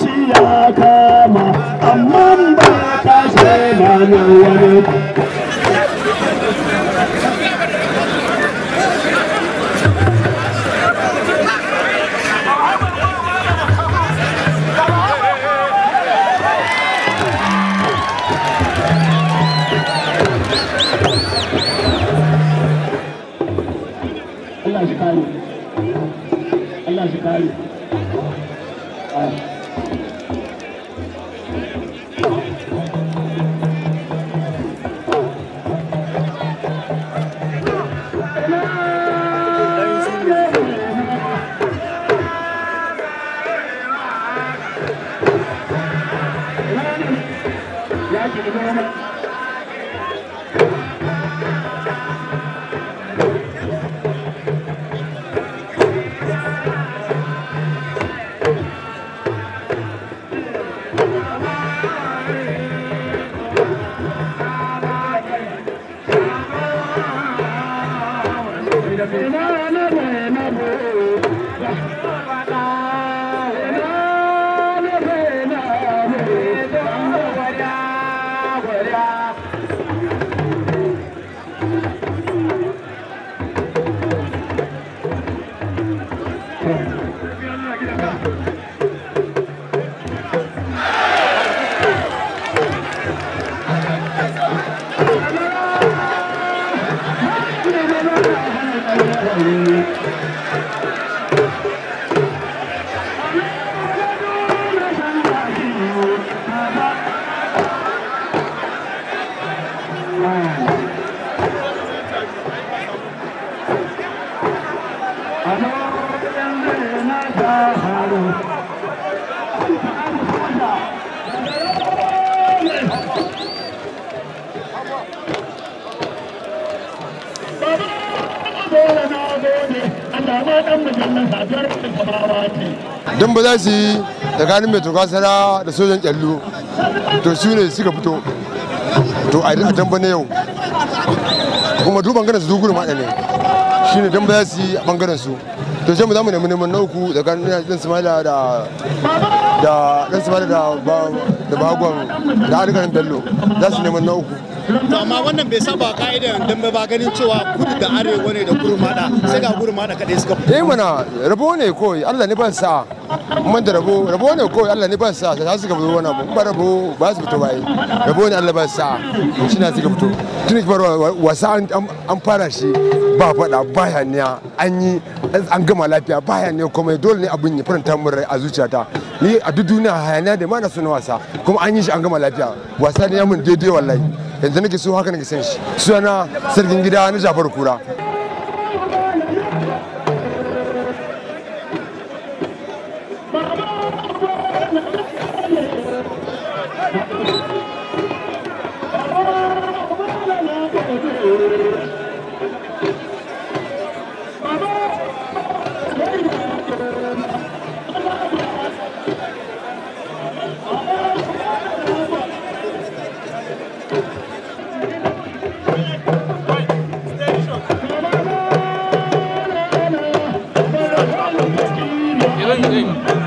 shi ya kama amma ba ta sai na wani Allah Gracias. don ba za su yi tsakanin mai tuka sana da sojan kyallu to su ne suka fito to a tamba na yau kuma duban gana su duguru maɗa ne shine dan ba su yi a bangaren su to sai mu zamu nemi neman nauku uku tsakanin dan samala da da dan samala da da bagon da Alkarin Bello za su neman nauku. to amma wannan bai saba ka'ida don ba ganin cewa kudu da arewa ne da gurmada sai ga gurmada kadai suka fito eh mana rabo ne kawai Allah ni ban sa mun da rabo rabo ne kawai Allah ni ban sa sai suka fito wannan mun ba rabo ba su fito bai rabo ne Allah ban sa shi na suka fito tun ki fara wasa an fara shi ba fada baya ne an yi an gama lafiya baya ne kuma dole ne abin ya furanta mun rai a zuciyata ni a duk duniya hayaniya da ma na suna wasa kuma an yi shi an gama lafiya wasa ne ya mun daidai wallahi yanzu nake so haka nake san shi suna sarkin gida na Jafaru Kura dégg nga